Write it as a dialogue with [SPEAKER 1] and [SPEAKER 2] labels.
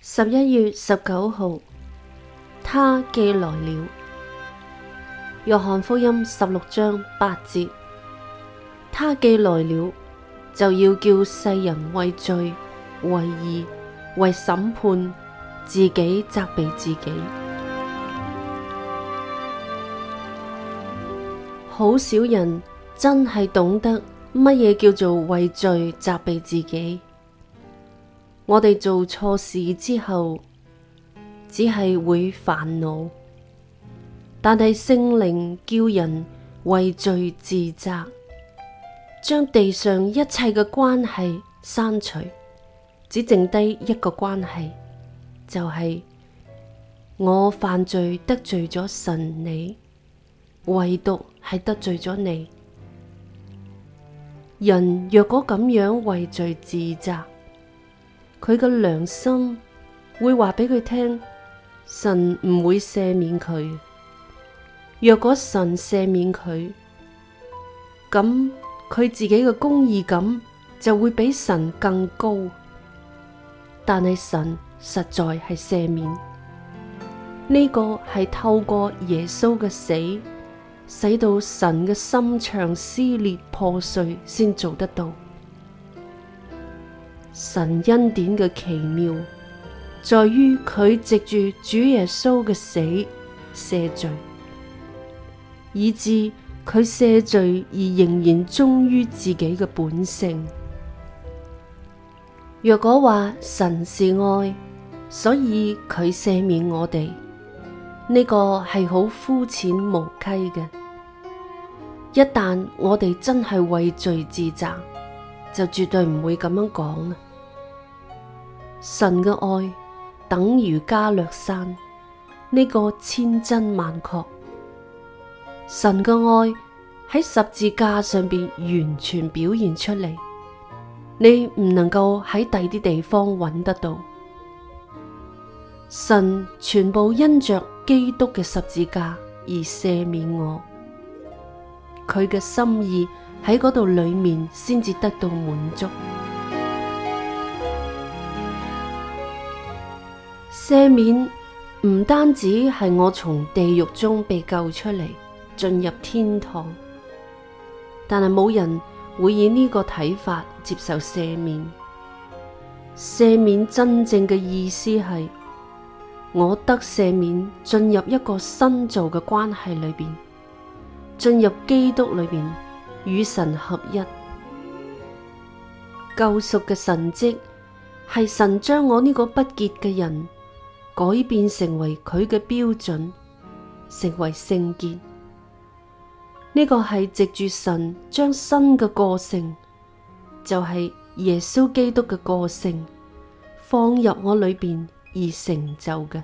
[SPEAKER 1] 十一月十九號，他既來了《約翰福音》十六章八節。他既來了，就要叫世人為罪、為義、為審判，自己責備自己。好少人真係懂得乜嘢叫做為罪責備自己。我哋做錯事之後，只係會煩惱，但係聖靈叫人為罪自責，將地上一切嘅關係刪除，只剩低一個關係，就係、是、我犯罪得罪咗神你，你唯獨係得罪咗你。人若果咁樣為罪自責。佢個良心會話畀佢聽，神唔會赦免佢。若果神赦免佢，咁佢自己嘅公義感就會比神更高。但係神實在係赦免，呢個係透過耶穌嘅死，使到神嘅心腸撕裂破碎先做得到。神恩典嘅奇妙，在於佢藉住主耶穌嘅死赦罪，以致佢赦罪而仍然忠於自己嘅本性。若果話神是愛，所以佢赦免我哋，呢、這個係好膚淺無稽嘅。一旦我哋真係畏罪自責，就絕對唔會咁樣講啦。神嘅愛等如加略山呢個千真萬確，神嘅愛喺十字架上邊完全表現出嚟，你唔能夠喺第啲地方揾得到。神全部因着基督嘅十字架而赦免我，佢嘅心意喺嗰度裏面先至得到滿足。赦免唔單止係我從地獄中被救出嚟，進入天堂，但係冇人會以呢個睇法接受赦免。赦免真正嘅意思係，我得赦免，進入一個新造嘅關係裏邊，進入基督裏邊，與神合一。救贖嘅神蹟係神將我呢個不潔嘅人。改變成為佢嘅標準，成為聖潔。呢個係藉住神將新嘅個性，就係、是、耶穌基督嘅個性，放入我裏邊而成就嘅。